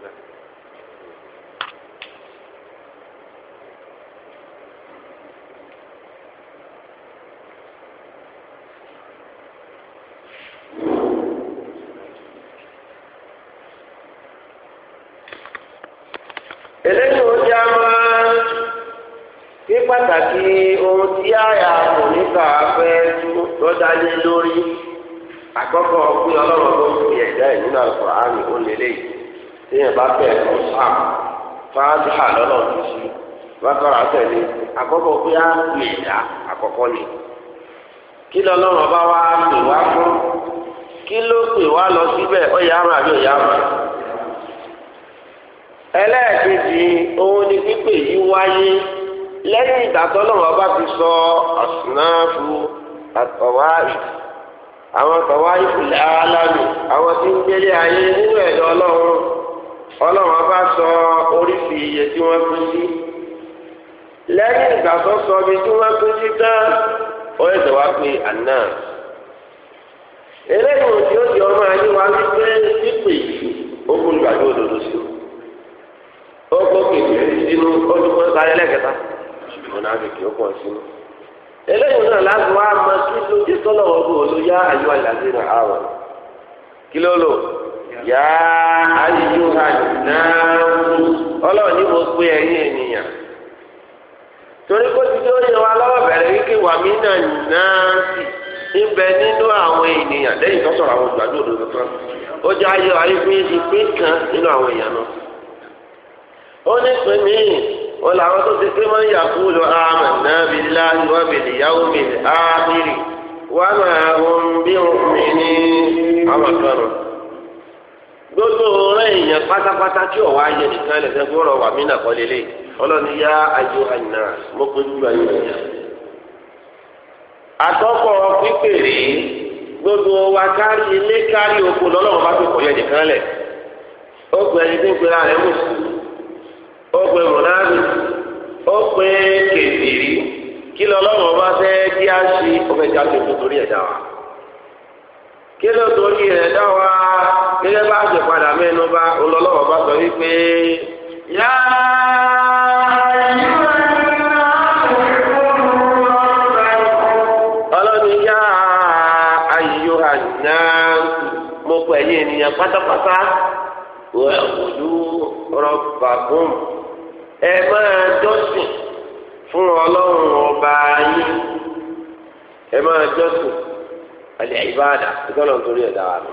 كده eléyìí ó já pàtàkì ohun tí àyà kò ní kà á fẹ́ lọ́dá lé lórí àkọ́kọ́ pé ọlọ́run tó ń fi ẹ̀dá ẹ̀ nínú àlùkò àmì ó lélẹ́yìí. téèyàn bá bẹ̀rẹ̀ lọ sáà fáájúhà lọ́nà tó ṣe bákàrà àkọ́kọ́ pé á lè dá àkọ́kọ́ ni kí lọ́lọ́run ọba wa pè wá fún kí ló pè wá lọ síbẹ̀ àmà àbí àmà ẹlẹ́ẹ̀kejì òun ni yìí wáyé lẹ́yìn ìgbà sọ àtọ̀wá àwọn àtọ̀wá ìfìlẹ̀ alámi àwọn tí ń gbélé ọlọ́run ọba sọ oríṣi iye tí wọ́n pín sí lẹ́yìn ìgbà tó sọ ibi tí wọ́n pín sí tán ó yẹ kí wọ́n pín àná. eléyìí tí ó di ọmọ ayé wa ní pé pípé ìlú ó kún ìgbàgbé òdodo sí o ó kó kékeré sínú ó dúpọ́ sáré lẹ́kẹ̀ta ṣùgbọ́n náà kékeré ó pọ̀ sínú. eléyìí náà láti wá máa kí ló dé tọ́lọ̀ ọdún olóyá àyọ̀ àyàlẹ́ rẹ̀ àwọ̀ kí ló lò ó. ya ayíyó ha náà ọlọ́run ní mo pé ẹ̀yin ènìyàn torí kó ti tó yẹ wa lọ́wọ́ bẹ̀rẹ̀ wíkì wà mí náà náà ń bẹ nínú àwọn ènìyàn lẹ́yìn tó sọ̀rọ̀ àwọn ìgbàdo òdodo kan ó jẹ́ kan nínú àwọn èèyàn náà ó ní pín wọn làwọn tó ti pín mọ́ lọ àmà náà bí láàyè ìyàwó mi gbogbo ọ̀rẹ́ èèyàn pátápátá tí ọ̀wá ayé nìkan lẹ́sẹ̀ ọ̀rọ̀ wà nà kọ́ yá ayò àyìnà pípèrè gbogbo wa kárí ilé kárí oko lọ́lọ́run bá tó yẹ nìkan ẹni ń kí bá kí á ṣe torí wa kí torí gẹ́gẹ́ bá jẹ padà mẹ́nu bá olólọ́wọ́ bá sọ wípé ọlọ́ni yá ayò àná mo pọ̀ ẹ̀yìn ènìyàn pátápátá ojú rọ́bà fún ẹ máa jọ́sìn fún ọlọ́run ọba yín ẹ máa jọ́sìn àlẹ́ ìbáàdà ìtọ́lọ́ mi.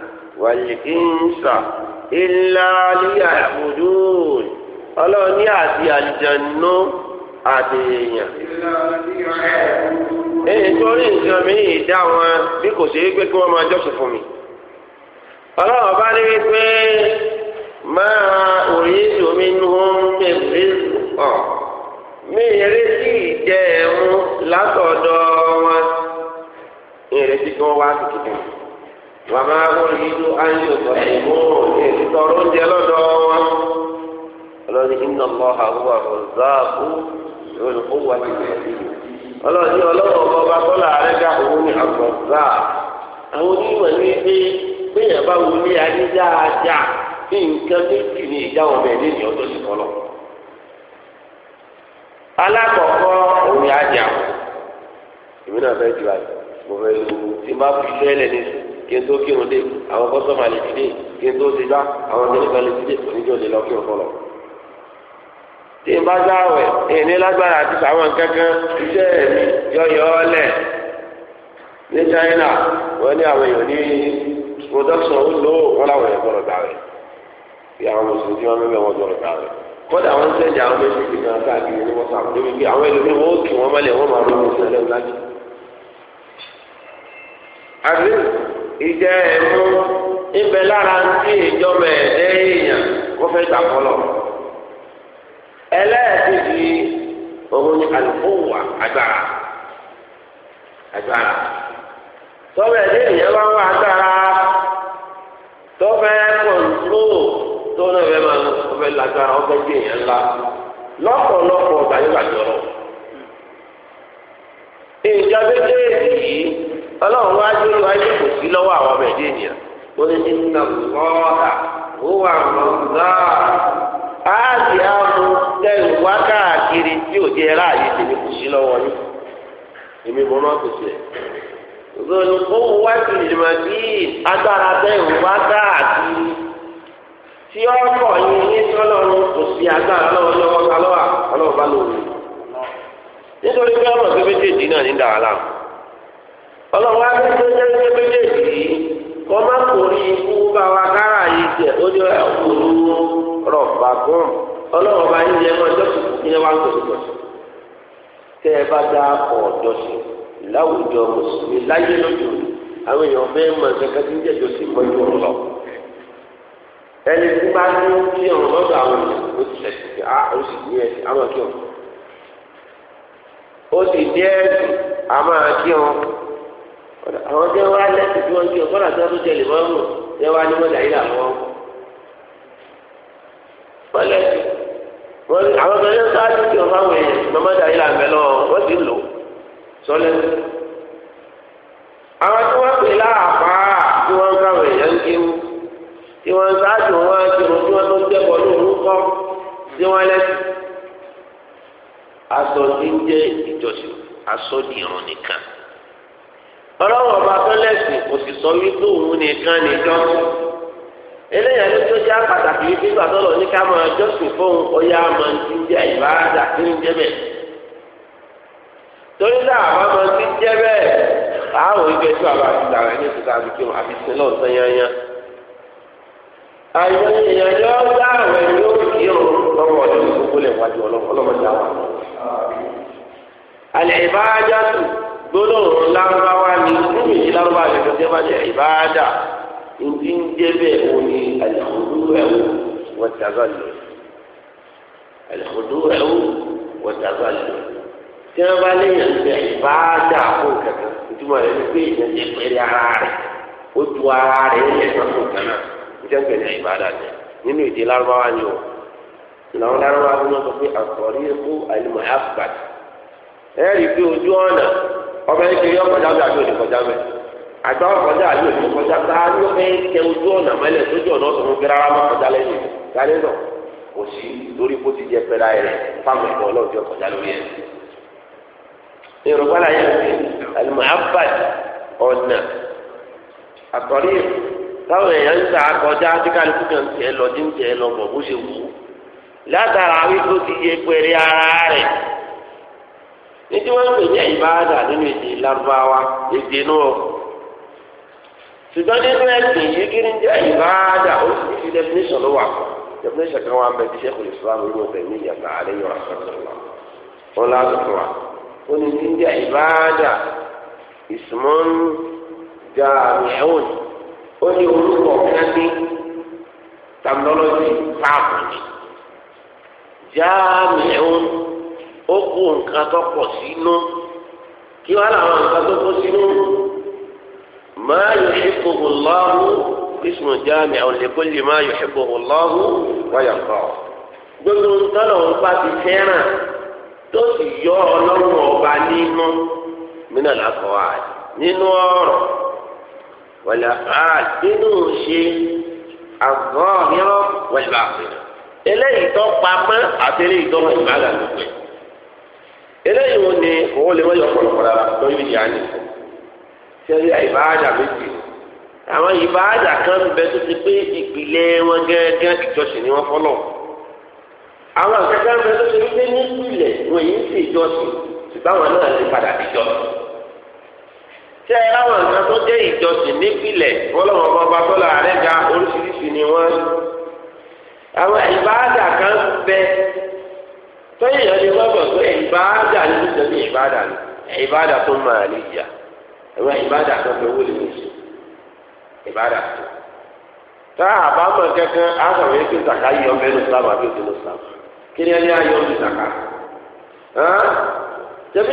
wàlìkínsà ilá líyà àbùdùn ọlọ́run ní àti àlìjẹ̀nú àti èèyàn. èyí torí nǹkan mìíràn dá wọn bí kò ṣeé pé kí wọ́n máa jọ́sìn fún mi. ọlọ́run bá ní wípé máa òrí ìdòmí nù ń bèbè ọ̀ mí ìrètí ìjẹ́ ẹ̀mú látọ̀dọ̀ wọn ìrètí kí wọ́n wá sí kìkìkì wàmà olùyíjú ayé ọ̀tọ̀ ìmú èyí tọrọ oúnjẹ lọ́dọ̀ wọn. ọlọ́ni iná lọ àwọn ọ̀záàbù olùkówó àti ìrẹ̀lẹ̀. ọlọ́ni ọlọ́wọ́ bọ́ba bọ́lá àrẹ́gà òun ni àgbọ̀nzá. àwọn onímọ̀ ní ilé gbéyàn bá wọlé ayé dáadáa ní nǹkan méjì ní ìjà wọn bẹ̀rẹ̀ ní ọ̀dọ̀ ìfọlọ́. alákọ̀ọ́kọ́ òun yà á jà. èmi fẹ́ jù àjọ kí n tó kírun dé àwọn kọ́sọ́mà lè ti dé kí n tó ti dá àwọn kẹ́lẹ́gbà lè ti dé oníjọ́ lè lọ kí n fọlọ́. tí n bá sáwẹ̀ ìní lágbára àti sàwọn kankan iṣẹ́ mi yọyọ lẹ̀ ní China wọ́n ní àwọn èèyàn ní production ó lò wọ́n láwọn èèyàn gbọ́dọ̀ gbà rẹ̀ bí àwọn mùsùlùmí tí wọ́n mẹ́mẹ́ wọn gbọ́dọ̀ gbà rẹ̀ kódà àwọn ń sẹ́jà àwọn méjì ti kan káàkiri ní wọ́sàpù débi pé àwọn ẹlòmíì wọ́n ó kì wọ́n mọ́lẹ̀ wọ́n máa ronú sílẹ̀ lẹ́nu ìjẹ ẹmu ibẹ lára ń tí ìjọba ẹdẹ èèyàn kó fẹ́ gbà fọlọ ẹlẹ́ẹ̀kejì òun ni àlùfóòwà agbára agbára tọ́wọ́ ẹ̀dẹ́ èèyàn bá wà agbára tọ́fẹ́ kọ̀ǹtró tó náà fẹ́ máa fẹ́ lágbára ọ̀fẹ́ gbé èèyàn ńlá lọ́pọ̀lọpọ̀ ọ̀gbà yóò gbàjọ́rọ̀ ìjọba ẹ̀dẹ́ èyí. ọlọ́run wá jó lọ ayé kò sí lọ́wọ́ àwọn ọmọ ẹ̀dẹ́ ènìyàn ó ní ní ó wà á sì á mú wá káàkiri tí ò jẹ́ ráàyè tèmi kò sí lọ́wọ́ yín èmi mọ́ máa pèsè ẹ̀. òṣèlú owó wá sí ìlúmọ̀ bí agbára tẹ̀lé wá káàkiri tí yín ní sọ́lọ́run kò sí agbára lọ́wọ́ lọ́wọ́ bá lò nítorí pé ọmọ ọlọ́wọ́ abẹ́jọ́ jẹ́ méjèèjì yìí kọ́ má torí ikú bá wa kára yìí jẹ́ ó jẹ́ ọ̀pọ̀lọ́ rọ̀bà gùn ọlọ́wọ́ bá yín yẹ ọjọ́ tuntun yẹn wá ń tòṣìṣọ́ tẹ́ ẹ bá dá ọkọ̀ ọ̀dọ́ sí láwùjọ mùsùlùmí láyé lójú àwọn èèyàn bẹ́ẹ̀ mọ̀ kẹ́kẹ́ tí ń sí mọ́jú ọ̀rọ̀ ẹni tí bá ní kí ọ̀rọ̀ lọ́dọ̀ àwọn èèyàn ó ti ṣẹ̀ṣẹ̀ á ah, ó sì ní ẹ̀sìn àwọn jẹ́ wá lẹ́sìn tí wọ́n jí ọ̀gbọ́n àti ọdún jẹ́ lèmọ́mù jẹ́ wá ní mọ́tà yìí làwọn. wọ́n lẹ́sìn wọ́n àwọn ọmọ ẹlẹ́sìn sáájú tí ọmọ àwọn èèyàn mọ́tà yìí làwọn mẹ́lọ́ wọ́n ti lò sọ́lẹ̀. àwọn tí wọ́n pè láàpá tí wọ́n ń káwọn èèyàn ń kéwú tí wọ́n ń wọn á ti rò tí wọ́n tó ń jẹ́kọ̀ọ́ lórúkọ tí wọ́n lẹ́sìn. aṣọ ti ń jẹ́ ìjọsìn aṣọ ìrùn nìkan ọlọ́run ọba tó lẹ́sìn kò sì sọ wípé òun nìkan nìkan eléyà ló tó já pàtàkì wípé gbàdọ́lọ̀ ní ká máa jọ́sìn fóun ọyá máa ń ti jẹ́ ìbáradà tí ń jẹ́ bẹ́ẹ̀ torí náà àwọn máa ń ti jẹ́ bẹ́ẹ̀ àwọn ìgbẹ́ tí wàá bá ti dàrẹ́ ní ìtúta àbíkí wọn àti sinọ́ ọ̀sán yányá àyọ̀ ìyànjọ́ dáhùn ẹ̀ ló kí òun ọ̀dọ́ gbogbo wájú ọlọ́mọdé gbólóhùn lárúbáwá ni níbi ni kò tẹ́ bá jẹ́ ìbáàdà ìdí ń jẹ́ bẹ́ẹ̀ òun ni àlùkòdú ẹ̀wù wọ́n lò àlùkòdú ẹ̀wù wọ́n lò tí wọ́n bá léèyàn ìbáàdà fún kankan ìtumọ̀ rẹ̀ pé ti pèrè ara tu ara fún ìbáàdà nínú ìdí ni o ni ọmọ yẹn kiri ọkọjá bẹ àbí oníkọjá bẹ àgbà ọkọjá àbí oníkọjá tá a ló fẹ́ tẹ ojú ọ̀nà mẹ́lẹ̀ sójú ọ̀nà ọ̀sán fún kíra má kọjá lẹ́yìn kálí náà kò sí lórí bó ti jẹ pẹ́lá rẹ̀ fáwọn ẹ̀kọ́ ọlọ́ọ̀dẹ ọkọjá lórí ẹ̀. yorùbá la yẹn fi àlùmọ́ abad ọ̀nà àtọ̀rí táwọn èèyàn ń ta kọjá tí kálukú kan tiẹ̀ lọ tí ń tiẹ̀ lọ bọ̀ bó ṣe wù ú látara wípé ó nítorí wọn pè ní ìbáradà nínú èdè Lárúbáwá èdè náà ṣùgbọ́n nínú ẹ̀sìn yìí kí ni jẹ́ ìbáradà ó sì fi definition ló wà fún definition kan wà ń bẹ tí sẹ́kùn Islam ló ń bẹ ní ìyàtọ̀ àlẹ́yìn wa sọ̀rọ̀ wọn láti wa ó ní ní jẹ́ ìbáradà ìsúnmọ́n jàmíẹ́wòn ó ní orúkọ kẹ́ni tàbí lọ́lọ́sì pààkùn jàmíẹ́wòn ó kú nǹkan tó pọ̀ sínú kí wọ́n làwọn nǹkan tó pọ̀ sínú máa yọ ṣíkòkò lọ́hùn bísùn jáàmì àwọn lẹ́kọ́ lè máa yọ ṣíkòkò lọ́hùn wáyà kọ́ gbogbo ntọ́nà ń bá ti fẹ́ràn tó sì yọ ọlọ́run ọba nínú mínà làkọ́ àdì nínú ọ̀rọ̀ wàlà àdì nínú ṣe àgọ́ mìíràn wàlà àfẹ́rẹ́ eléyìí tó pamọ́ àti eléyìí tó mọ̀ ìbára ló eléyìí wọn ni owó lè mọ́jọ pọ̀lọpọ̀ rárá lórí ìyá ni sẹ́rí àìbáàdà méjì àwọn ìbáàdà kan bẹ tó ti pé ìpìlẹ̀ wọn gẹ́gẹ́ ìjọsìn ni wọ́n fọ́lọ̀ àwọn akẹ́kọ̀ọ́ bẹ tó ti pé nípìlẹ̀ wọn yìí ń ṣe ìjọsìn ṣùgbọ́n àwọn náà lè padà ìjọsìn tẹ àwọn nǹkan tó jẹ́ ìjọsìn nípìlẹ̀ fọlọ́wọ́n bọba tọ́lá àrẹ́gà oríṣiríṣi ni wọ́n àwọn ìbáàdà kan bẹ tẹ́yìn ẹni gbọ́dọ̀ pé ìbáàdà ní nítorí ìbáàdà ní ìbáàdà tó máa lè yà ẹ̀wọ̀n ìbáàdà tó fi owó lè ní sí ìbáàdà tó. tá a bá mọ̀ kankan á sọ̀rọ̀ yẹn zaka yọ ọmọ kí ni ẹni zaka.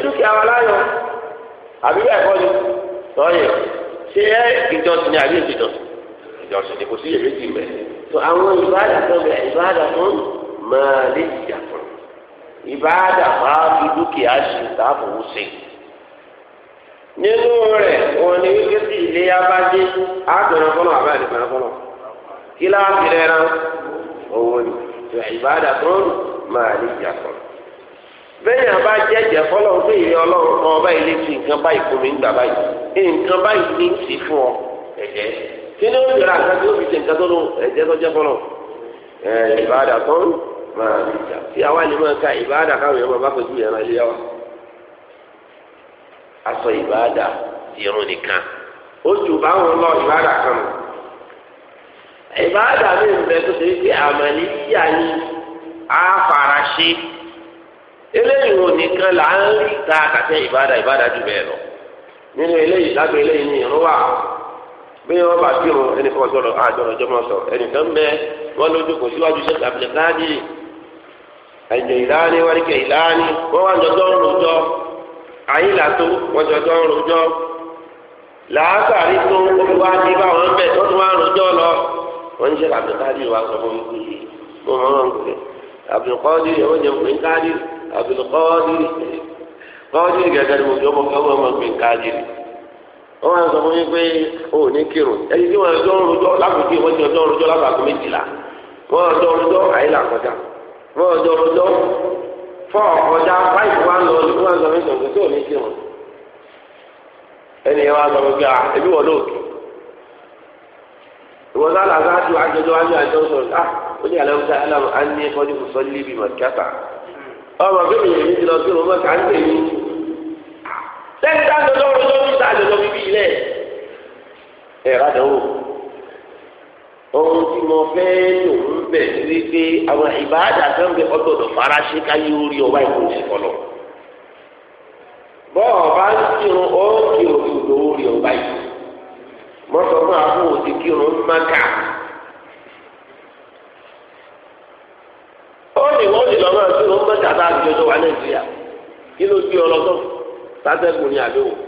dúkìá wa àbí bẹ́ẹ̀ kọ́ ni ṣé ẹ ni àbí ni kò sí ìbáàdà máa fi dúkìá ṣe ìdáàbòbò ṣe nínú rẹ̀ wọn ni wípé tí ilé abájé àgbẹ̀rẹ̀ fọlọ́ àbá ìdìbẹ̀rẹ̀ fọlọ́ kí láàbì rẹ̀ rán owó ni ìwà ìbáàdà tó ń máa ní ìjà kan bẹ́ẹ̀ àbá jẹ́jẹ́ fọlọ́ pé ìrẹ́ ọlọ́run kan ọba ilé fi nǹkan báyìí fún mi nígbà báyìí nǹkan báyìí ní ti fún ọ ẹ̀jẹ̀ kí ni ó ń àgbà tí ó fi ṣe nǹkan tó lò ẹ̀jẹ̀ tó jẹ́ fọlọ́ ìbáàdà tó ń máa lè jà tí àwa lè máa ka ìbáàdà káwọn èèyàn máa bá fojú yẹn máa lé wa aṣọ ìbáàdà irun nìkan ó jù báwọn lọ ìbáàdà kan lọ ìbáàdà mi ń bẹ tó ṣe pé àmàlí yíyá ni á fara ṣe eléyìí wọn nìkan là ń rí ta àtàtẹ ìbáàdà ìbáàdà jù bẹ́ẹ̀ lọ nínú eléyìí lábẹ́ eléyìí ni ìrún wà bí wọn bá bí wọn ẹnì kan sọ̀rọ̀ àjọrò jọmọ sọ ẹnì kan bẹ wọn lójú kò síwájú sẹkẹ abdulkadir ẹjọ ìlànà wọn kẹ ìlànà wọn wà jọjọ ń rojọ ayé làtó wọn jọjọ ń rojọ làákàrí tó omi wá ní báwọn bẹ tó tún wá rojọ lọ wọn ṣe àbíkádì wa sọ fún mi mo mọ wọn kò lè àbíkọ́dì ẹ̀ wọ́n jẹ fún mi kádì àbíkọ́dì kọ́dì gẹ́gẹ́ ni mo jọ mọ káwọn ọmọ mi kádì wọ́n wá sọ fún mi pé o ò ní kírun ẹni tí wọ́n jọ ń rojọ lákòókè wọ́n jọjọ ń rojọ lábàkú méjìlá wọ́n jọ ń rojọ ayé làkọjá wọn ọjọ́ ọjọ́ fọ ọjà báyìí wà lọ ní wọn lọ ní sọgbọn tó ní kírun ẹni yẹn wà lọ gbé a ebi wọn lóòkè ìwọ sálà sáájú àjọjọ wájú àjọ sọ̀rọ̀ ah ó ní àlọ́ ọ̀sán àlọ́ à ń ní kọ́jú kò níbi mọ̀tíkàtà ọmọ bí mi yìí ti lọ sí ọmọ kà ń tè mí lẹ́yìn tá a lọ lọ́rùn bíbí ilẹ̀ ẹ̀ rádàá ohun tí mo fẹ́ lò ń bẹ̀ wípé àwọn ìbáàdà kan bẹ ọgbọ̀dọ̀ faraṣẹ́ káyé orí ọba ń kírun orí ọba yìí mọ́tò máa fún kírun máka ó ní wọ́n lè lọ́ máa kírun máka a wà nàìjíríà kí ló gbé ọ lọ́tọ̀ sátẹ́kùn ní àdéhùn.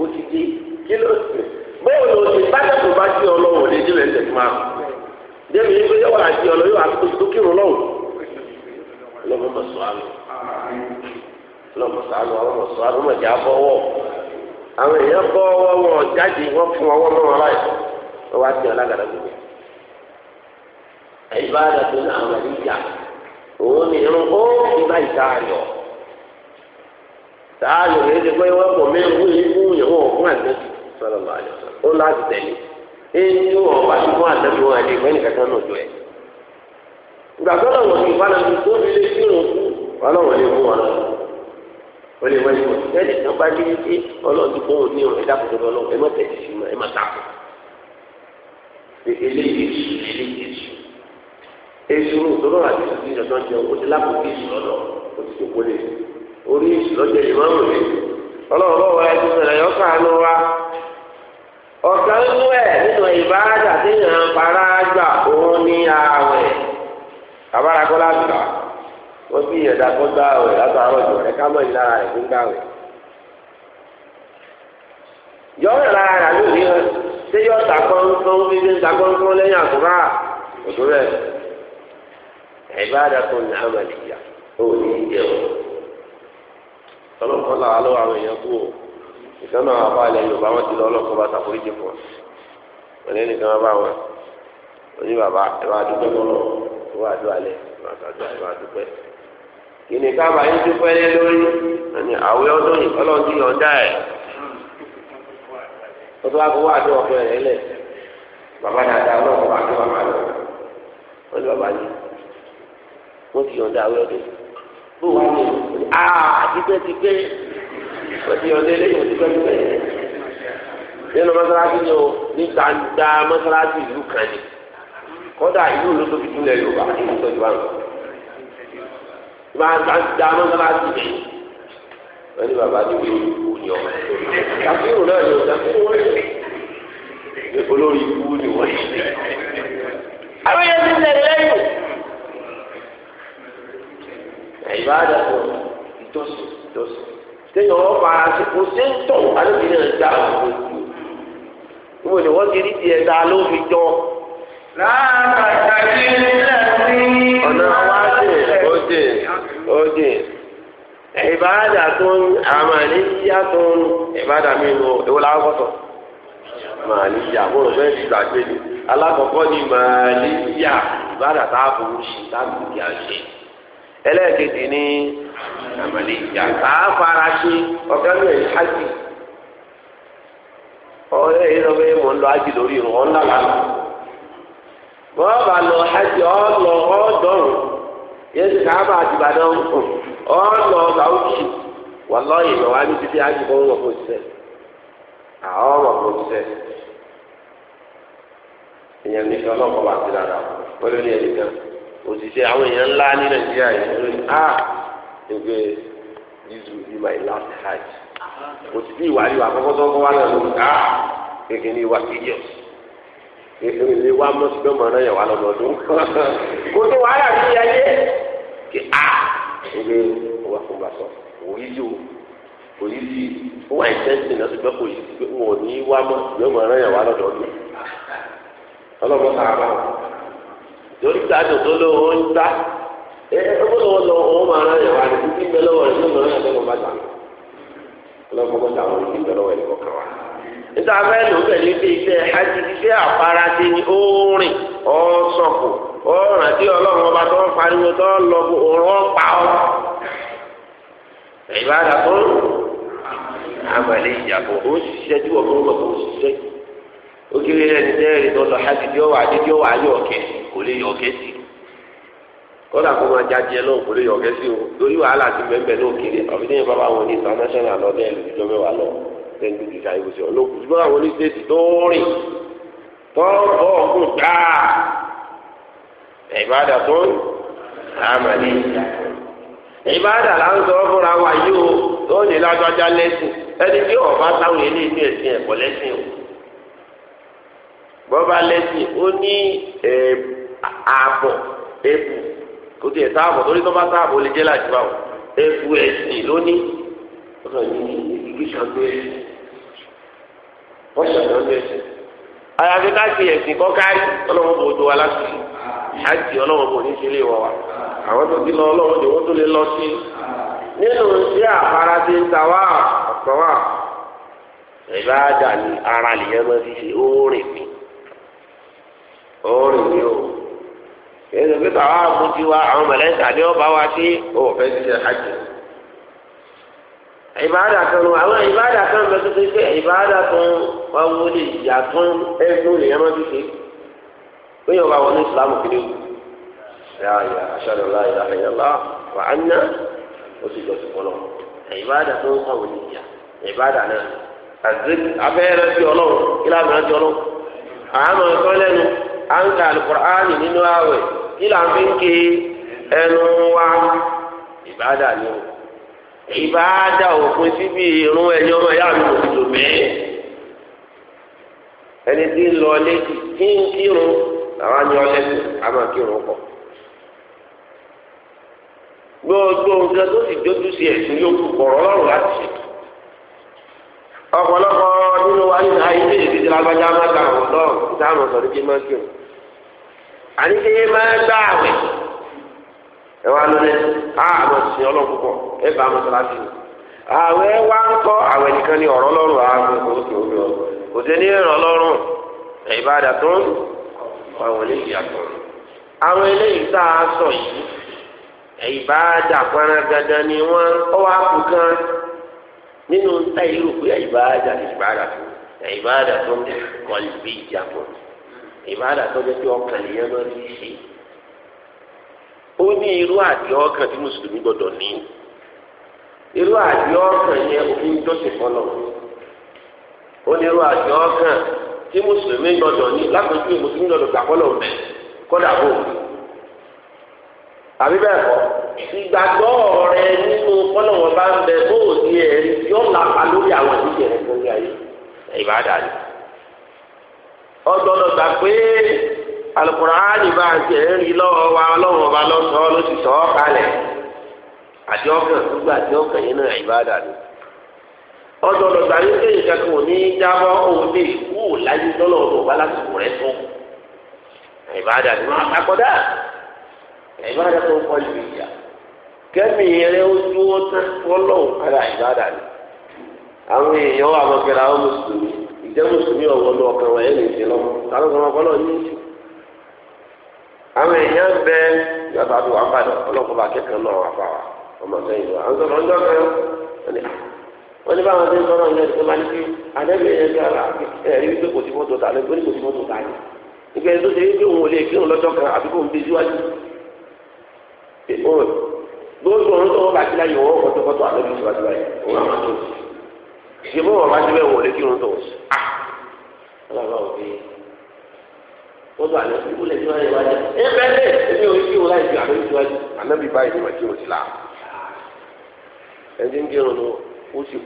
òtítì kí ló sì bóòlù òsì bájàpọ̀ bá ti ọlọ́run òde dé lẹ́sẹ̀ fún wa débi yìí pé yọ̀wọ̀ àti ọlọ́run yóò àti tó kírun lọ́wọ́ lọ́mọ sọ àlọ́ lọ́mọ sọ àlọ́ ọmọ àlọ́ ọmọ bọ́wọ́ àwọn èèyàn wọn jáde wọ́n fún ọwọ́ láì sáàyò yìí ti pé wọ́n kò mí wú ibú ìwọ̀n fún àtẹ́sí sọ̀rọ̀ máa yọ ó láti tẹ̀lé ẹni tí wọ́n wá fún àtẹ́sí wọn àti ìgbẹ́ni kankan náà jọ ẹ̀. ìgbà tó lọ wọ̀nyí tó fi lé lè mú wọn lọ. lè bá dé ọlọ́run ti orí lọ́jọ́ ìmáàmù mi ọlọ́run bọ̀ wọlé tó sẹlẹ̀ yọ káàánú wa ọ̀kan nínú ẹ̀ nínú ìbáradà tí yàn para gbà òun ní ààwẹ̀ àbárakọ́ lágbà wọ́n fi ìyẹ̀dá kó gbà ààwẹ̀ látọ̀ àwọn ìjọ mọ̀ ní lára rẹ̀ fún lára ṣé lẹ́yìn àkùrá ìbáradà tó ní tọ́lọ́kọ́ là á lọ́wọ́ àwọn èèyàn kú o ìkànnà àbá ilẹ̀ yorùbá wọn ti lọ ọlọ́kọ́ bá sàforíjì fún ọ òní nìkan bá wọn òní bàbá ẹ máa dúpẹ́ mọ́nà ẹ máa dúpẹ́ alẹ́ ẹ máa sàdúrà ẹ máa dúpẹ́ kìnìún káàbà yín dúpẹ́ lé lórí ẹni àwẹ̀ ọdún yìí ọlọ́run ti yàn dá ẹ̀ ó tó wá kó wá àdó ọ̀pẹ rẹ̀ lẹ̀ bàbá dáadáa ọlọ́run bá kí wọ́n máa lọ wọ́n ní bàbá yìí wọ́n ti yàn dá àwẹ̀ ọdún yìí bó wà ní àtijọ́ ti gbé òtí ọdẹ lẹ́yìn òtí gbé gbé nínú mọ́sálásí ni o ní gbangba mọ́sálásí ìlú kan ni kọ́dà ìlú ló tóbi jùlẹ̀ Yorùbá ìlú tó ti wà lọ. gbangba mọ́sálásí ni wọ́n ní bàbá tó wí ìlú ni ọmọ kàfíìrù náà ni o kàfíìrù wọ́n ní olórí ìlú ni wọ́n ní. àwọn yẹn ti tẹ̀lé lẹ́yìn. ìbáàdà tó ìtòsí ìtòsí téèyàn wọn fara sí kò sí ń tọ̀ alóbìnrin rẹ̀ dá òun lójú wọn ni wọ́n ti rí tiẹ̀ dá lómi jọ. láàbàtàkì lẹ́sìn. ọ̀nà wa dè ó dè ó dè ìbáàdà tó ń àmàlíyá tó ń ìbáàdà mi lò èwo làwọn kọ sọ màlíyà mo rò ti gbàgbé ni alákọ̀ọ́kọ́ ni màlíyà ìbáàdà tá a fò ń ṣe tá a kò kí a ṣe. ẹlẹ́ẹ̀kejì ní àmàlẹ́ ìjà káfara ṣe ọ̀rẹ́ yìí lọ bẹ́ẹ̀ mọ̀ ń lọ hajj lórí ìrùn ọ̀nà lánà wọ́n bá lọ hajj ọ̀lọ́ ọ̀dọ́rùn yéésù káfà àtìbàdàn ọ̀lọ́ gàúchì wà lọ́yìn lọ́wọ́ àbí títí hajj kó ń wọ̀ fún àwọn ọmọ ìyẹn ní dáadáa wọ́n lórí ẹ̀ òṣìṣẹ́ àwọn èèyàn ńlá ní nàìjíríà yìí lórí a ah, ẹgbẹ́ this will be my last hajj òṣìṣẹ́ ìwádìí wà kọ́kọ́ sọ́kọ́ wà lọ́dún a ah, kékeré ní ìwà kejì kékeré ní ìwà mọ́síbẹ́ mọ́ náà yẹ wà lọ́dọọdún kò tó wàhálà sí ayé kí a ah, ẹgbẹ́ wà fún bàtọ òyì yìí o òyì yìí ó wà ìtẹ́sí náà ṣùgbọ́n kò yìí wọn ò ní wà mọ́síbẹ́ mọ́ náà yẹ wà lọ́dọọdún ọlọ́mọ sáà wọn lórí gbádùn tó lówó ń gbá ẹ ọgbọ́dọ̀ lọ òun máa rán ẹ̀wà ní títí bẹ́ẹ̀ lọ́wọ́ rẹ̀ yóò rán ẹ̀dẹ́gbọ̀n bàtà lọ́kọ̀ọ́kọ́ táwọn ìdí bẹ́ẹ̀ lọ́wọ́ ẹ̀dẹ́gbọ̀n kan wà. níta bẹ́ẹ̀ ló pẹ̀lú ibi iṣẹ́ hajj iṣẹ́ àfarasí ni ó rìn ọ́ sọ̀kù ọ́ rántí ọlọ́run ọba tó ń pariwo tó ń lọ bó òun ọ́ pa ọ́. ìbára fún àmàlẹ́ ìyàbọ̀ ó ṣiṣẹ́ tí wọ́n fún ọ ògiri ẹni tẹ́rì tó lọ hajj tí ó wà ní tí ó wà yọ ọ̀kẹ́ kò lè yọ ọ̀kẹ́ si. kódà kó máa jáde ẹ lóhùn kò lè yọ ọ̀kẹ́ sí o lórí wàhálà ti bẹ́ẹ̀ náà kéré ọ̀fi tẹ́yìn bábá wọn ní international lọ bẹ́ẹ̀ lójú mẹ́wàá lọ bẹ́ẹ̀ ní dùdú sáyé bùsùn olókùn ṣùgbọ́n àwọn oníṣẹ́ẹ̀tì tó rìn tó bọ̀ ọ̀kùn gbáà ìbádà tó ń àmàlẹ́ ìjà là ń sọ fúnra wa yìí o tó ní lágbájá lẹ́sìn ẹni tí ọ̀bá bọ́ba lẹ́sìn ó ní eh, ààbọ̀ ẹ̀bù kò tiẹ̀ sáàbọ̀ torí tó bá sáàbọ̀ lè jẹ́ láti bá wọn ẹ̀bù ẹ̀sìn lónìí wọ́n sọ ní ibi ṣàǹdó ẹ̀sìn wọ́n ṣàǹdó ẹ̀sìn. àyàfi ká ṣe ẹ̀sìn kọ́kárí ọlọ́wọ́n bò tó wa láti àti ọlọ́wọ́n bò ní sílé wa wa àwọn tó ti lọ ọlọ́wọ́n ni wọ́n tó lè lọ sí nínú iṣẹ́ àfaradé tàwa àtọwà ìbáàdà ni ara lèyẹn máa òórì ni o èso pé káwá àmúti wa àwọn mẹlẹ́ta ni ó bá wa sí òfẹ́ ti ṣe hajj ìbáàdà kan ló àwọn ìbáàdà kan ló tó ti pé ìbáàdà kan wọn wò lè yà tún ẹgbẹ́ òní ẹ̀rọ ti ṣe pé yóò bá wọn ní ìsìlámù kiri wù láàyè aṣáájú láàyè láàyè lá wà á ná ó sì jọ́sìn fọlọ́ ìbáàdà tó ń kọ̀wé ní ìyá ìbáàdà náà àti abẹ́rẹ́ ti ọlọ́run kí láàmì rántí ọlọ́run àmọ́ ẹ̀kọ́ lẹ́nu. à ń ka alukur'ani nínú àwẹ̀ kí là ń fi ẹnu wa ìbáàdà ni o ìbáàdà òpin síbi irun ẹni ọmọ ya mi kò tó ẹni tí ń lọ létí kí ń kírun làwọn ni ọlẹ́sìn á máa kírun gbogbo nǹkan tó sì dójú sí láti àníṣe yẹn máa gbá àwẹ̀ ẹ wá lónìí á àwọn òṣìṣẹ́ ọlọ́run pọ̀ ẹ bá mọ́sálásí ni àwẹ̀ wá ń kọ́ àwẹ̀ nìkan ni ọ̀rọ̀ lọ́rùn ààrùn òkè omi ọ̀rọ̀ kò sí ní ìràn lọ́rùn ìbáradà tó ń àwọn eléyìí àtọ̀ àwọn eléyìí tá a sọ yìí ìbáradà panagada ni wọ́n ọ wá kú kan nínú táyì rò pé ìbáradà ìbáradà tó ìbáradà tó ń kọ́ ìbí ìjà pọ̀ ní ìbáàdà tó jẹ́ pé ọkàn nìyẹn lọ ní í ṣe ó ní irú àdì ọkàn tí mùsùlùmí gbọdọ̀ ní irú àdì ọkàn yẹn òfin jọ́sìn fọlọ́ ó ní irú àdì ọkàn tí mùsùlùmí gbọdọ̀ ní lápẹjú mùsùlùmí gbọdọ̀ gbà fọlọ́ bẹ́ẹ̀ kọ́dà bò àbí bẹ́ẹ̀ kọ́ ìgbàgbọ́ rẹ nínú fọlọ́wọ́n bá ń bẹ bóòdì ẹ̀ yọ̀ lápá lórí àwọn ìdíje rẹ lórí ayé ìbáàdà yìí. ọgbọ́dọ̀ gbà pé alukuraani bá a jẹ ẹrí wa ọba lọsọ sọ ọ kalẹ̀ àti ọkàn gbogbo àti ọkàn yẹn náà ìbáàdà ni ọgbọ́dọ̀ gbà yín pé ìkẹkọọ òní jábọ òun lè kú láyé lọlọ ọdún ọba láti kù rẹ tó ìbáàdà ni wọn àkọdá tó ń kọ ìlú ìyá kẹmí kára ìjẹ́ mùsùlùmí ọ̀wọ́ lọ ọ̀kan wọ̀nyẹ́ lè ṣe lọ sáré kan ọkọ náà àwọn èèyàn bẹ yàtọ̀ àti wàá padà ọlọ́kùnrin akẹ́kọ̀ọ́ náà wà fáwà ọmọ sẹ́yìn lọ. à sọ̀rọ̀ ọjọ́ kan wọ́n ní báwọn ṣe ń máa yẹn ara ẹ̀rí wípé kò sí mọ́tò lẹ́gbẹ́ ìṣèlú wọn bá síbẹ̀ wọlé kí wọn tó wọn sùn á ah! bá wọn bí wọn bá lọ sí ìwúlẹ tí wọn yẹ wá ẹ bẹ́ẹ̀ èmi ò sí wọn láì ju àná ìjọ ànábì báyìí ni wọn ti wọn ti là ah! ẹni ń gẹrun ó sì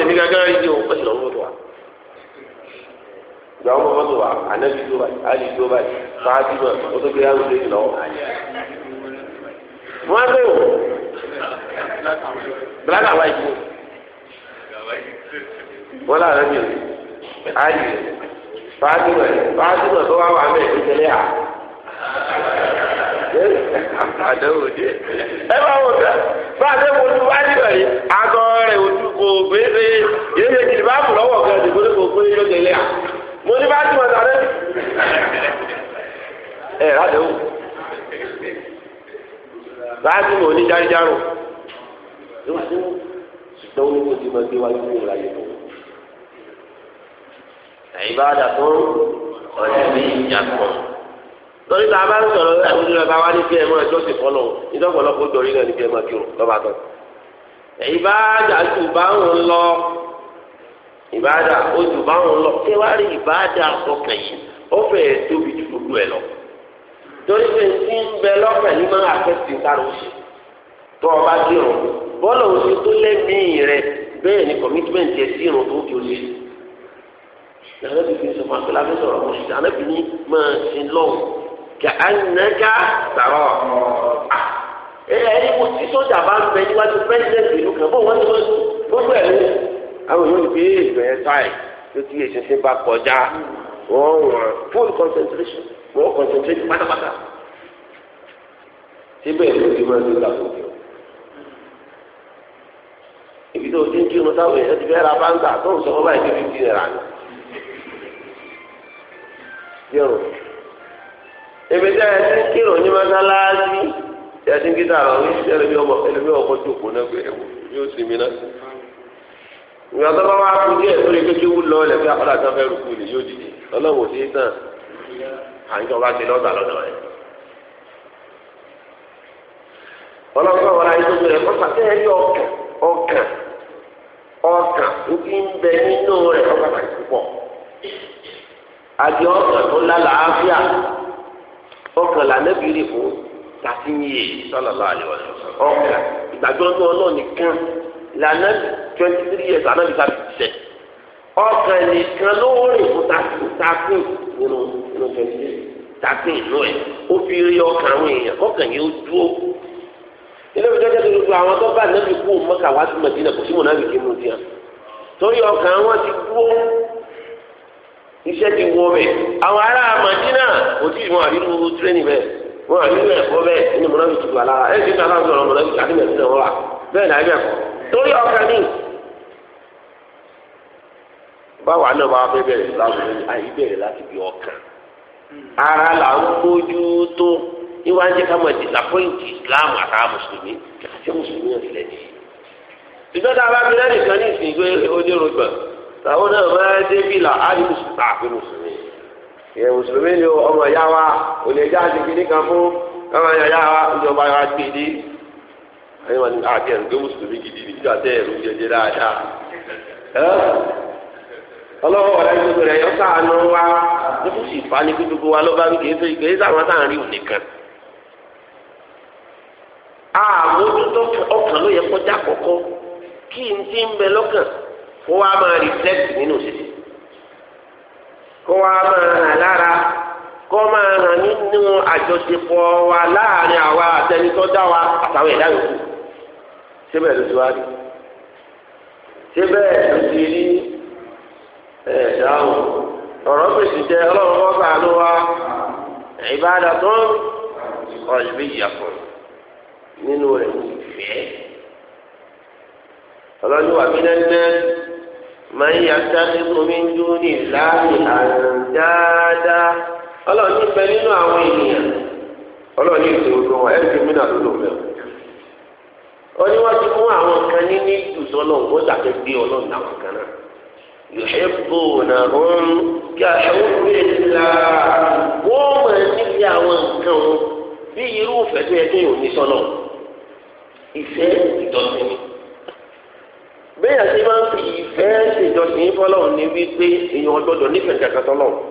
ẹni gángan tó ìgbà wọn ànábì tó báyìí tó báyìí tó gbé yàrá wọn làwọn mi ayé fàájúmọ̀ fàájúmọ̀ tó wà wà mẹ́ ìtẹ̀lẹ́ à. àdéhùn dé ẹ bá wò dá fàájúmọ̀ ojú fàájúmọ̀ yìí àgọ́ rẹ̀ ojú kò gbèsè yéé lè jìnnì bá lọ́wọ́ kan kò gbé à. mo ní sáré. ẹ ṣùgbọ́n ó ní kó ti máa gbé wáyé fún ìlàyé fún un. àyíbá dàtó ọ̀rẹ́ mi yàtọ̀ lórí tá a bá ń sọ̀rọ̀ ẹ̀rù ní ọba wa ní bí ẹ̀mú ẹjọ́ sì fọ́lọ̀ ìdọ́gbọ̀lọpọ̀ jọrí náà ní bí ẹ̀mú akérò lọ́ba tán. ìbá dàtú bá ń lọ ìbá dà ojú bá ń lọ kí wàá rí ìbá dà yìí ó fẹ́ẹ̀ tóbi ju gbogbo ẹ̀ lọ torí pé ń bẹ lọ́kàn ní máa àfẹ́sì ń kárò ṣe tó ọba dé òun bọ́ọ̀lù òun ti tó lẹ́mìí rẹ bẹ́ẹ̀ ni commitment yẹ sí irun tó kí o lè nàlẹ́ bí fi sọ̀rọ̀ àti lábẹ́ sọ̀rọ̀ mo ṣiṣẹ́ àlẹ́ bí ní máa ṣe lọ́wọ́ kà á nàgà sàrọ̀ ẹ ẹ mo ti sọ́jà bá ń bẹ níwájú pẹ́sidẹ́ntì ìlú kan bọ́ọ̀ wọ́n ti wọ́n gbogbo ẹ̀ ló àwọn yóò gbé ìgbẹ́ táì ló ti èsìsìn bá kọjá wọ́n wọ́n full concentration wọ́n concentrate pátápátá síbẹ̀ ló ti máa ń lò lákòókò. tó o nkiri ń ti fẹ́ ra báńgà tó ń sọ ọ́ báyìí fífi rà ní. kírun ebi tẹ ẹ ti kírun ní mọ́sálásí tẹ ẹ ti ń kí tààrà orí ṣiṣẹ́ ẹlẹ́bí ọmọ na. ọkọ̀ tó kù náà pé yóò sinmi náà. ìgbà tó bá wọn ayé tó ọkàn ibi ń bẹ nínú rẹ̀ ọkàn pàtàkì púpọ̀ àbí ọkàn tó lálàáfíà ọkàn lànàbìrì fún tàbí yìí sallallahu alaihi wasallam ọkàn ìgbàgbọ́ tó ọlọ́ọ̀ nìkan lànà twenty three years ànábi tàbí tẹ̀ ọkàn nìkan ló rìn fún tàbí nínú twenty three tàbí nínú ẹ̀ ó fi rí ọkàn àwọn èèyàn ọkàn yẹn ó dúró ilé ìjọba tó dúdú àwọn tó bá nàbì kú mọ́kà wá sí màdínà kò sí mọ̀ nàbì kí mú tiẹ̀ torí ọkàn wọn ti dúró iṣẹ́ ti wọ bẹ́ẹ̀ àwọn ará màdínà kò tí ì wọn àbí lu tírénì bẹ́ẹ̀ wọn àbí lu ẹ̀kọ́ bẹ́ẹ̀ ẹni mọ̀ nàbì tuntun alára ẹ̀ ti tàbá sọ̀rọ̀ mọ̀ nàbì kàdé mẹ̀sìn náà wà bẹ́ẹ̀ náà bẹ́ẹ̀ kọ́ torí ọkàn ní báwa náà bá fẹ́ bẹ̀rẹ̀ láwùjọ àyíbẹ̀rẹ̀ láti bí ọkàn ara làwọn mójú tó ìwà ń jẹ́ ká mọ̀ disappoint islam àtàwọn mùsùlùmí àti mùsùlùmí ọ̀sẹ̀ ni. ṣùgbọ́n tá a bá fi lẹ́nu kan ní ìsìn ìgbé onírúgbà táwọn náà máa dé bílà á ní mùsùlùmí àfi mùsùlùmí. ìyẹn mùsùlùmí ni ọmọ ìyá wa kò lè já àti kìíní kan fún ọmọ ìyá wa ìjọba wa gbé dé. ayé wọn ni àti ẹ̀rù gbé mùsùlùmí gidi ní ìjọ àti ẹ̀rù jẹjẹ dáadáa. ọlọ́wọ́ ọ̀rẹ́ gbogbo rẹ̀ yọ sáà nù wa ó sì fa gbogbo wa lọ́ba wí kì í sáwọn táà ń rí òun àmójútó ọkàn ló yẹ kọjá kọ́kọ́ kí n ti ń bẹ lọ́kàn kó wá máa reflect nínú òṣèṣe kó wá máa hàn lára kó máa hàn nínú àjọṣepọ̀ wa láàrin àwa àtẹnitọ́ dá wa àtàwọn ẹ̀dá yòókù síbẹ̀ ló ti wá rí síbẹ̀ ló ti rí ẹ̀ dáhùn ọ̀rọ̀ fèsì jẹ́ ọlọ́run wa ìbáradà tó nínú rẹ̀ ní ìfẹ́ ọlọ́dúnwà mí nẹ́nẹ́ máa ń yà sáré omi ń dún ní láàrin àrùn dáadáa ọlọ́ọ̀ni bẹ nínú àwọn ènìyàn ọlọ́ọ̀ni ìṣòro wọn ẹ̀rí mi náà ó ní wọ́n ti mú àwọn kan náà wọ́n gbé kan náà wọ́n níbi àwọn nǹkan wọn bí irú ìfẹ́ tó yẹ ní sọ́nà. ìfẹ́ ìjọsìn ni. bẹ́ẹ̀ àti máa ń fi ìfẹ́ ṣèjọsìn fọlọ́run ní wípé èèyàn gbọ́dọ̀ nífẹ̀ẹ́ kankan tọ́lọ́run.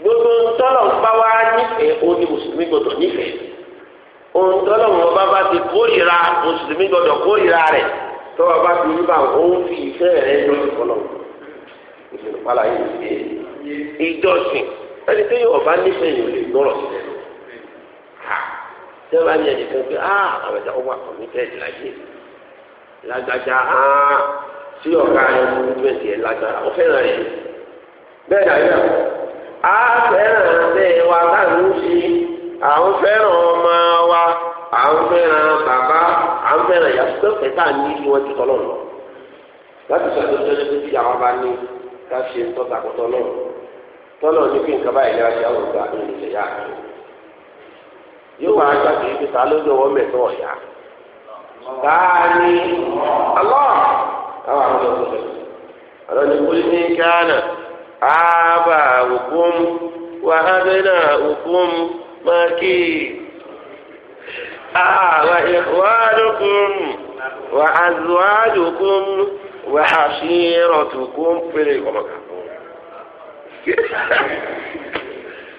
gbogbo tọ́lọ́run bá wá nífẹ̀ẹ́ ó ní mùsùlùmí gbọ́dọ̀ nífẹ̀ẹ́. ohun tọ́lọ́run ọba bá ti kórìíra mùsùlùmí gbọ́dọ̀ kórìíra rẹ̀ tọ́wọ́ bá ti yíba òun fi ìfẹ́ rẹ̀ jọ́sìn fọlọ́run. ìsìn ìjọsìn ẹni tó yóò bá nífẹ̀ẹ́ tí wọn bá ní ẹnìkan pé ah àwọn ẹja ọwọ committed láyé lágbájá ah sí ọ̀gá ẹ̀mú twenty ẹ̀ lágbára ó fẹ́ràn rẹ̀ bẹ́ẹ̀ dàgbà á fẹ́ràn bẹ́ẹ̀ wá láàánú sí àwọn fẹ́ràn ọmọ wa àwọn fẹ́ràn bàbá àwọn fẹ́ràn yàtọ̀ ẹ̀ta ní ìlú wọn ti tọ́ lọ́nà láti sọ tó tẹ́lẹ̀ àwọn bá ní ká ṣe tọ́ta kọ́tọ́ náà tọ́lọ̀ ní kí nǹkan báyìí ní aṣáájú ìgbà ìrìnlẹ̀ yára yóò máa jáde ibi ta lójú ọwọ́ mẹ́tọ́ ọ̀yà. Káàní alọ́ káwọn àwọn ọmọ ọ̀sẹ̀. Ọlọ́ni kúlí ní Gánà, ààbà òkúm, wà ábẹ́nà òkúm, máa kí ààbà ìwádùkúm, wà àzùwádùkúm, wà àṣírọ̀tùkúm péré ọmọ kàkún.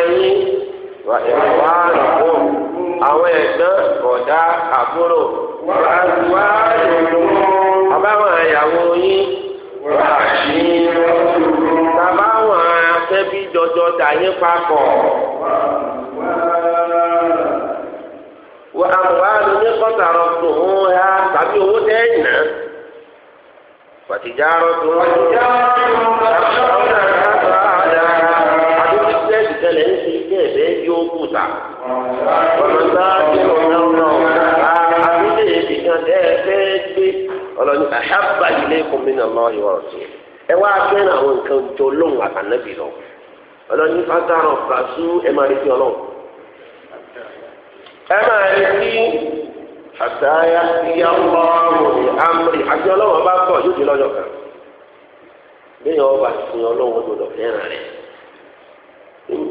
yín wà ìwà àlùkò àwọn ẹ̀gbọ́n bọ̀dá àbúrò wà ìwà àlùkò àbáwọn ìyàwó yín wà ìwà akẹ́bí jọjọ dà yín papọ̀ wà òòsà. ọ̀nà sáájú ọ̀nà ọ̀nà àbílẹ̀ èdè kan fẹ́ gbé ọlọ́ni àhábà ilé kọ́mínà náà yọ ọ̀rọ̀ sí. ẹ wá fẹ́ràn àwọn nǹkan jọ lóhùn àtànẹ́bì lọ. fàṣú máa retí ọlọ́run. ẹ máa retí àtàyà àti ọlọ́run bá bọ̀ yóò di lọ́jọ́ kan ọlọ́run gbọdọ̀ fẹ́ràn rẹ̀ inú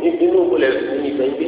ìfẹ́ gbé.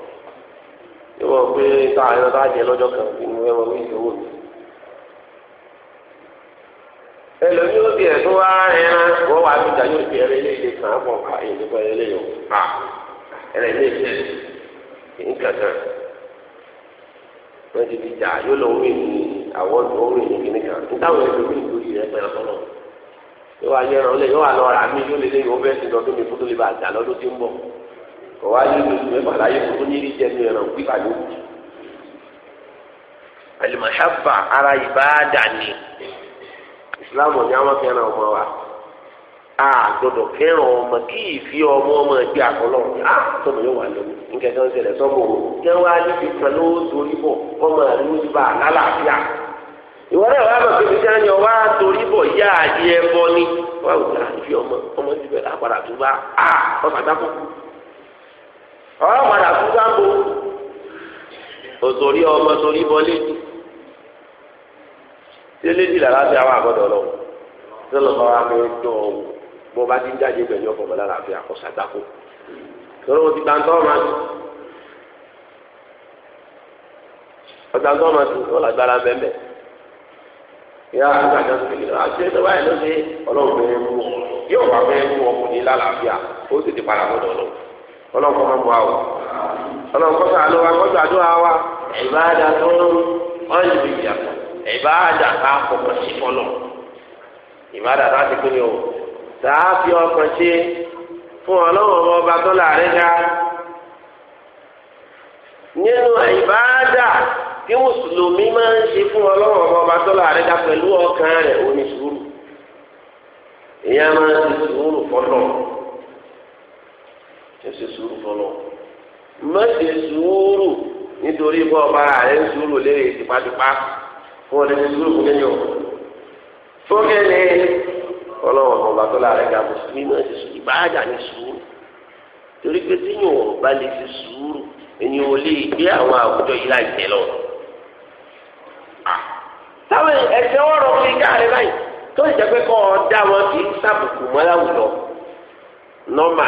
ṣé wọ́n pé táwọn ẹran bá jẹ lọ́jọ́ kan kí ni wọ́n wí mi. ẹlòmí ó tiẹ̀ tó wá ẹran wọ́n wá lójà yóò fi ẹran eléyìí kàn án pọ̀ ká èyí nípa eléyìí o ká ẹran eléyìí kì í kankan wọ́n ti fi jà yóò lọ wí ní àwọn tó wí ní kíní kan nítawọn ẹlòmí ìlú yìí rẹ pẹ̀lú ọlọ́ yóò wá yẹran ó lè yóò wá lọ rà mí yóò lè lé yóò bẹ́ẹ̀ ọwọ ayé lóṣù mẹ́fà láyé kó tó ní ìdí jẹnu ẹran pípa yòókù ara ìbáàdà ni islam ọ̀nyá wọn fẹ́ràn ọmọ wa a gbọ́dọ̀ fẹ́ràn ọmọ kí ìfi ọmọ ọmọ ẹgbẹ́ àkọlọ a sọmọ yóò wà lónìí nkẹkẹ ọsẹlẹ sọmọ o kẹ wá níbi kan ló torí bọ ọmọ rẹ ló ti bá a lálàáfíà ìwọ náà wàá bàbá mi sáà yàn wá torí bọ yá àdìẹ bọ ni wàá wò ó ah, ìfi ọmọ ọmọ ti bẹ̀rẹ̀ àpàrà tó bá a ah, ọsàn dákòkò. ọ̀rọ̀ padà kú sáàbò òsòrí ọmọ sórí bọ́lé tí eléjì làrá sí àwọn àgọ́dọ̀ lọ sọlọ bá wà o bó bá ti ń jáde pẹ̀lú ọkọ̀ bọ̀lá làáfíà kó sàgbákò sọlọ ti gbàǹtọ́ ọmọ àti ọ̀gbàǹtọ́ ọmọ àti gbára bẹ́ẹ̀ yà á àti báyìí ọlọ́run fẹ́ẹ́ mú ọ yóò wá fẹ́ẹ́ mú ọkùnrin lálàáfíà ó ọlọ́nkọ́ máa bọ̀ àwọ̀ ọlọ́nkọ́ sàánú wa kọ́ sàánú ìbáàdà tó ọ̀yìn ìbáàdà sí fọlọ́ ìbáàdà tá o fi ọkọ̀ ṣe fún ọlọ́wọ́n ọba tó láàrin ká nínú ìbáàdà tí mùsùlùmí máa fún ọba tó láàrin ká pẹ̀lú ọkàn rẹ̀ oníṣùúrù ìyá máa ń ṣe sùúrù ẹsẹ sùúrù fọlọ má ṣe sùúrù nítorí bọ́ ọba rẹ̀ ń sùúrù léèrè tipátipá fún ọ lẹ́nu sùúrù fún kẹ́yìn o fún kẹ́yìn ọlọ́wọ́ ọba tó lára ẹ̀ka mùsùlùmí náà ṣe sùúrù ìbáàjà ní sùúrù torí pé tí yòó ọba lè ṣe sùúrù èyàn ò lè gbé àwọn àwùjọ yìí láì tẹ̀ lọ. táwọn ẹ̀sẹ̀ ọ̀rọ̀ fi káàrin báyìí tó ìjẹ́ pé kọ́ ọ dá wọn kì sábùkù mọ́ láwùjọ nọ́ọ̀mà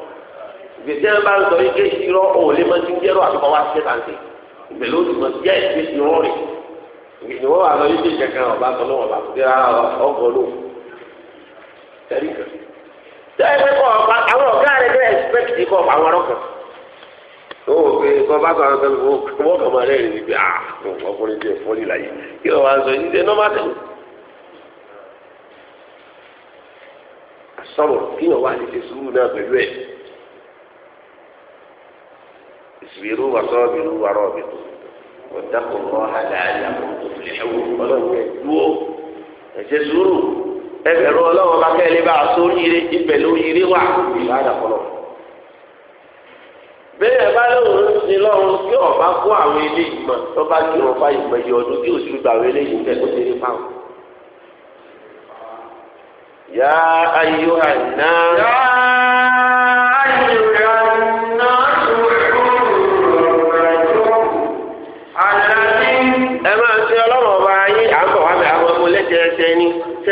ìgbésí ẹ̀ bá ń sọ yìí kéèké irọ́ òun lè máa ti jẹ́rọ àti kọ́wá ṣe tàǹtì ìgbèlú ti mọ̀ jẹ́ ìgbésí irọ́ rẹ̀ ìgbésí wọ́n wà lọ yìí kéèké kan ọ̀bá sọ lọ́wọ́ bá kúndé rárá ọgọ́ ló tẹ̀lé kan. tẹ́lẹ̀ pé kọ́ àwọn ọ̀gá rẹ̀ bẹ́ẹ̀ ẹ̀sìpẹ́kìtì kọ́ àwọn ọ̀rọ̀ kan. ó o pé kọ́ bá kọ́ àwọn ọmọ kan máa rẹ́rìn níbi ah, ọkùnrin tí ò fọ́lì láyé kí ló wàá sọ yìí sọ̀rọ̀ kí ni wàá lè ṣe sùúrù náà pẹ̀lú ẹ̀ اصبروا وصابروا ورابطوا واتقوا الله لعلكم تفلحون a sọ yire ibẹ̀ bá lóun ní lọ́run ọba kó àwọn tó bá ọdún oṣù gbà fáwọn.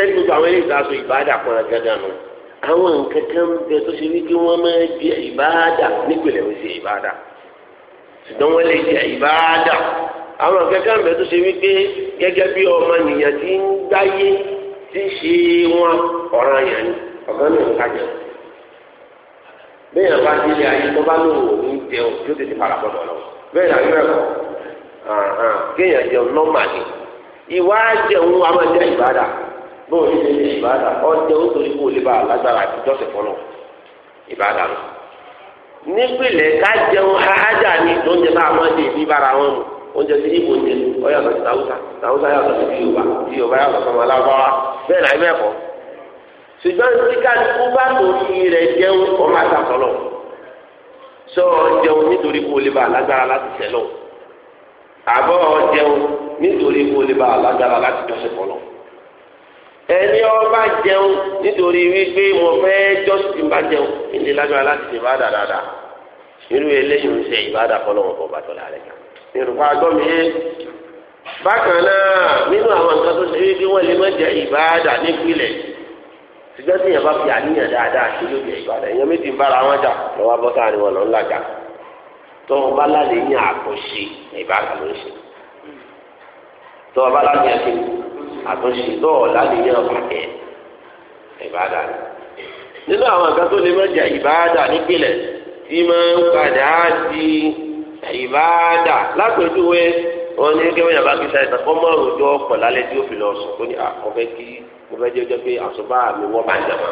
sẹ́ni gbogbo àwọn eléyìí sáà so ìbáàdà kan gángan nù àwọn nǹkan kan ń bẹ tó ṣe ní kí wọ́n máa jẹ ìbáàdà nípìnlẹ̀ wọ́n ṣe ìbáàdà ṣùgbọ́n wọ́n lè jẹ ìbáàdà àwọn nǹkan kan ń bẹ tó ṣe wípé gẹ́gẹ́ bí ọmọ nìyàn ti ń gbáyé ti ṣe wọn ọ̀ràn yẹn ni ọ̀gá náà ń kájà bẹ́ẹ̀ bá délé ayé tó bá lò wò ní jẹun tó tètè fara bọ́dọ̀ lọ bẹ́ẹ̀ náà yóò a máa bóò ní ṣe ní ìbáàdà ọjọ́ ó torí kó o lè bá a lágbára àtijọ́ sì fọlọ́ ìbáàdà lọ. nípìnlẹ̀ jẹun ajá oúnjẹ bá a máa dé wọn oúnjẹ tí ń jẹ sí yàtọ̀ sí yorùbá yorùbá yàtọ̀ aláwọ̀ bẹ́ẹ̀ náà ọmọ sọ jẹun nítorí kó o lè bá a lágbára láti sẹ́lọ̀ àbọ̀ jẹun nítorí kó o ẹni ọba jẹun nítorí wípé mo fẹ́ jọ́sìn bá jẹun ìdí lágbára láti ṣe bá dàdàdà irú eléyìí ń ṣe ìbáda fọlọ́wọ́n fọba tó la rẹ̀ ká. ìrùkọ́ àgọ́ mi yé bákan náà nínú àwọn nǹkan tó ṣe wípé wọ́n lè má jẹ ìbáda nípìnlẹ̀ ṣùgbọ́n tí yẹn bá fi àníyàn dáadáa ṣe ló jẹ ìbáda èèyàn méjì ń bára wọn jà lọ́wọ́ abọ́tà ni wọn lọ ń làjà tó wọn bá lálẹ́ ní àkọ́ṣe ìbáda ló ń ṣe tó wọn bá lálẹ́ àtúnṣe tó ọ̀la lè yàn bàjẹ́ ìbáàdà nínú àwọn nǹkan tó lè má jẹ ìbáàdà nípìnlẹ̀ tí máa ń padà di ìbáàdà lápèjúwe wọn ní kí wọn yàrá kí sáyẹn tàkọ mọ àròjọ ọkọ lálẹ́ tí ó fi lọ sùn tó ní àkọfẹ kí mo fẹ́ jẹjọ pé àsọbá mi wọ bá ń dàmà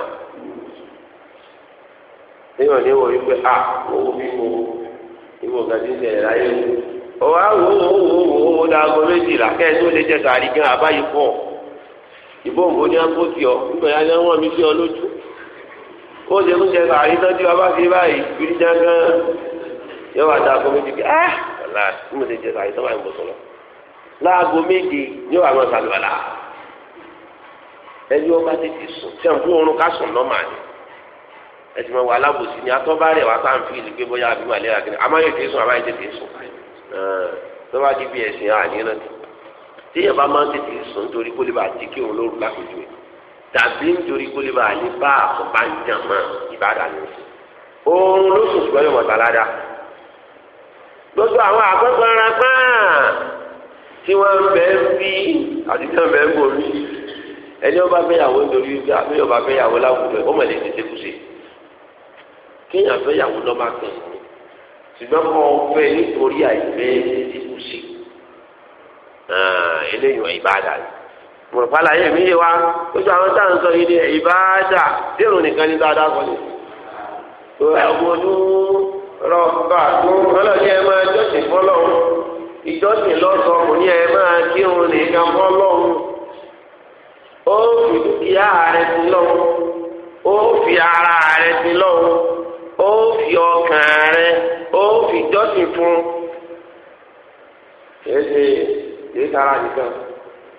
níwọ̀n ní wọ́n yí pé a owó mímu ìwọ̀n gàdí ń láyé wa wò wò wò wò da láago méjìlá kẹ́hìn tó lè jẹ gàrí gan àbáyé pọ̀ ìbọn òbó ni wọn kó sí nígbà yẹn ni wọn mi ọ lójú ó ṣe ń jẹ gàrí náà tí bá fi báyìí kiri jángan yóò wá dáago méjì bí ah ọ̀la ń mọ̀ ṣe jẹ gàrí tó báyìí bọ̀ sọ̀rọ̀ láago méje yóò wá wọn sàlùwàlà ẹni wọn bá tètè sùn tí wọn kó oorun ká sùn wà alábòsí ni wà tó bá di bí ẹ̀sìn àníyàn tí yẹn bá máa ń tètè sùn nítorí kó lè bá jí kí òun lóru lápòjú ẹ̀ tàbí nítorí kó lè bá lè bá àkọ́bá ń jàn mọ́ ìbàdàn ní oṣù oorun ló sùn ṣùgbọ́n yóò mọ̀ tàládà gbogbo àwọn àkọ́kọ́ ara pàà tí wọ́n ń bẹ́ ń bí àti tí wọ́n bẹ́ ń borí ẹni ọba fẹ́yàwó nítorí wípé àbí ọba fẹ́yàwó láwùjọ ọmọ ilé ti ṣekúṣe kéèyàn fẹ́yàwó lọ́ba kẹ́yìn ṣùgbọ́n kọ́ ọ fẹ́ nítorí àìfẹ́ tí kò sí eléyìí wọ ìbáàdà ni mọ̀lùpàlà yẹn mi yé wa lójú àwọn táwọn sọ yìí ni ìbáàdà dérò nìkan ní dáadáa kọ́ni ẹ̀wọ̀dún rọ̀bà tó ọlọ́ọ̀ni ẹ máa jọ́sìn fọlọ́hún ìjọ́sìn lọ́sọ̀ kò ní ẹ máa kírun nìkan fọlọ́hún ó fi dúkìá rẹ̀ sí lọ́hún ó fi ara rẹ̀ sí lọ́hún ó fi ọkàn rẹ ó fi jọ́sìn fún kìí ṣe kìí sara nìkan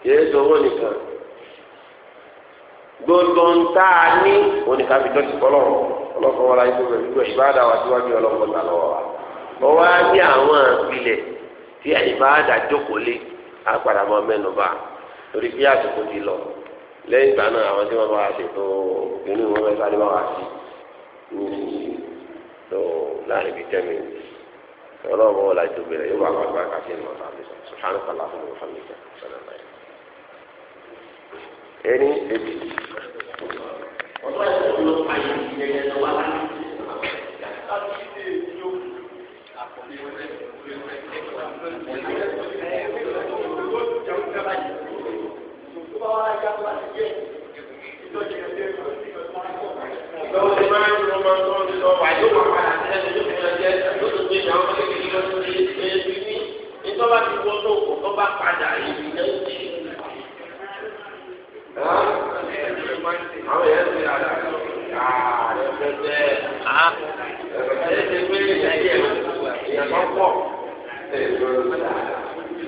kìí sọwọ́ nìkan gbogbo ń tá a ní oníkà fi jọ́sìn fọlọ́run ọlọ́fọ́ wọn láyé tó bẹ̀rẹ̀ gbogbo ìbáàdà wa síwájú ọlọ́wọ́ ta lọ́wọ́ wa wọ́n wá ní àwọn àpilẹ̀ tí ìbáàdà jókòó lé àpàdà mọ́ torí bí àsìkò ti lọ lẹ́yìn ìgbà náà àwọn tí wọ́n bá wa ṣètò inú wọn bẹ́ẹ̀ sáré bá wa sí tó láàrin bíi ten minutes ọlọ́run bọ́ wọlé àjọgbé rẹ̀ yóò wá wá wá kàfé ní ọ̀sán àbísọ̀ sùhánù kàlá fún mi fún mi kẹ́ sọ́nà báyìí. ẹni ebi. ọ̀tọ̀ ẹ̀sìn ló ń pa yìí ní ẹ̀yẹ tó wá láti ṣe Thank you lọ́wọ́ ti máa ń lọ máa ń tọ́ ní lọ wà yóò wà padà sí ẹni tó fi ọjọ́ ẹ̀sán tó tó gbé ìyàwó kékeré lọ sí ilé ẹbí ní ìtọ́ba ti wọ́n tó kò tó bá padà ìlú náà sí. àwọn èèyàn ti rà ààrẹ pẹ́pẹ́ ẹ̀ẹ́dẹ́gbẹ́rẹ́ ìyàwó pọ̀ ẹ̀ẹ́dẹ́gbẹ́rẹ́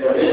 èèyàn